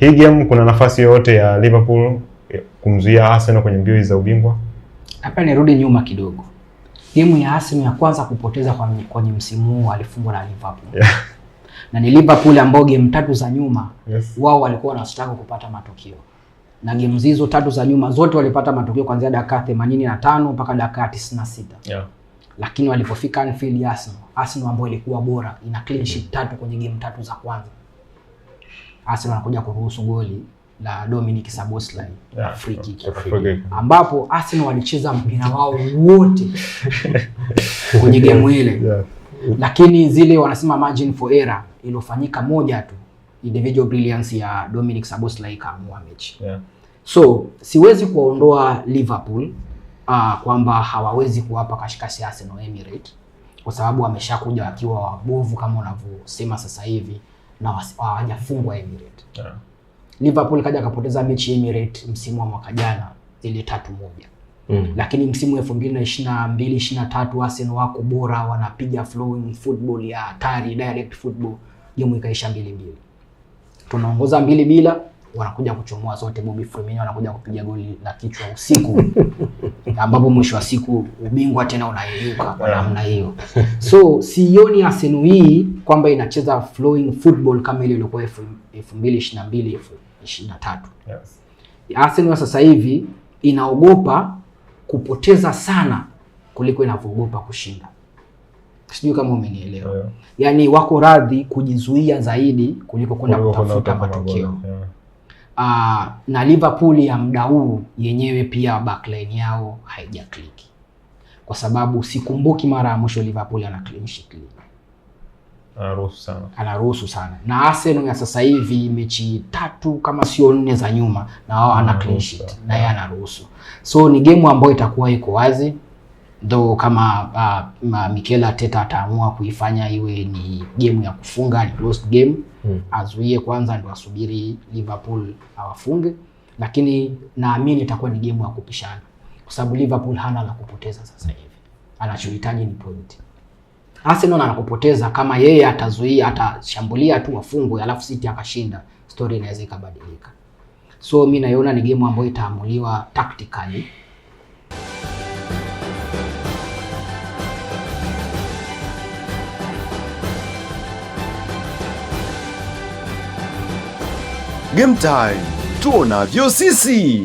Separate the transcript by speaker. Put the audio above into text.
Speaker 1: Hii game kuna nafasi yoyote ya Liverpool kumzuia Arsenal kwenye mbio za ubingwa?
Speaker 2: Hapa nirudi nyuma kidogo. Game ya Arsenal ya kwanza kupoteza kwenye msimu huu alifungwa na Liverpool. Yeah. Na ni Liverpool ambao game tatu za nyuma yes, wao walikuwa wanastaka kupata matokeo. Na game hizo tatu za nyuma zote walipata matokeo kuanzia dakika 85 mpaka dakika 96. Yeah. Lakini walipofika Anfield Arsenal, Arsenal ambao ilikuwa bora ina clean sheet tatu kwenye game tatu za kwanza. Arsenal anakuja kuruhusu goli la Dominic Szoboszlai yeah, free kick ambapo Arsenal walicheza mpira wao wote kwenye game ile yeah. Lakini zile wanasema margin for error iliyofanyika moja tu, individual brilliance ya Dominic Szoboszlai kaamua mechi yeah. So siwezi kuwaondoa Liverpool uh, kwamba hawawezi kuwapa kashikashi Arsenal Emirates kwa sababu wameshakuja wakiwa wabovu kama unavyosema sasa hivi na hawajafungwa ah, Emirates. Yeah. Liverpool kaja akapoteza mechi Emirates msimu wa mwaka jana ile tatu moja. Mm. Lakini msimu wa 2022 23 Arsenal wako bora wanapiga flowing football ya hatari direct football game ikaisha mbili mbili. Tunaongoza mbili bila wanakuja kuchomoa zote. Bobby Firmino anakuja kupiga goli la kichwa usiku ambapo mwisho wa siku ubingwa tena unayeyuka kwa namna hiyo. So sioni Arsenal hii kwamba inacheza flowing football kama ile iliyokuwa 2022 2023. Yes. Arsenal sasa hivi inaogopa kupoteza sana kuliko inavyoogopa kushinda. Sijui kama umenielewa. yani Yaani wako radhi kujizuia zaidi kuliko kwenda kutafuta matokeo. Yeah uh, na Liverpool ya muda huu yenyewe pia backline yao click, kwa sababu sikumbuki mara ya mwisho Liverpool ana clean sheet
Speaker 1: Anaruhusu sana,
Speaker 2: anaruhusu sana na Arsenal ya sasa hivi mechi tatu kama sio nne za nyuma, na wao ana clean sheet na yeye anaruhusu, so ni game ambayo itakuwa iko wazi though kama uh, Mikel Arteta ataamua kuifanya iwe ni game ya kufunga ni closed game mm. azuie kwanza ndo asubiri Liverpool awafunge, lakini naamini itakuwa ni gemu ya kupishana kwa sababu Liverpool hana la kupoteza sasa hivi, anachohitaji ni point. Arsenal anakupoteza kama yeye atazuia, atashambulia tu wafungwe, alafu City akashinda, story inaweza ikabadilika. So mi naiona ni gemu ambayo itaamuliwa tactically Game time tuonavyo sisi.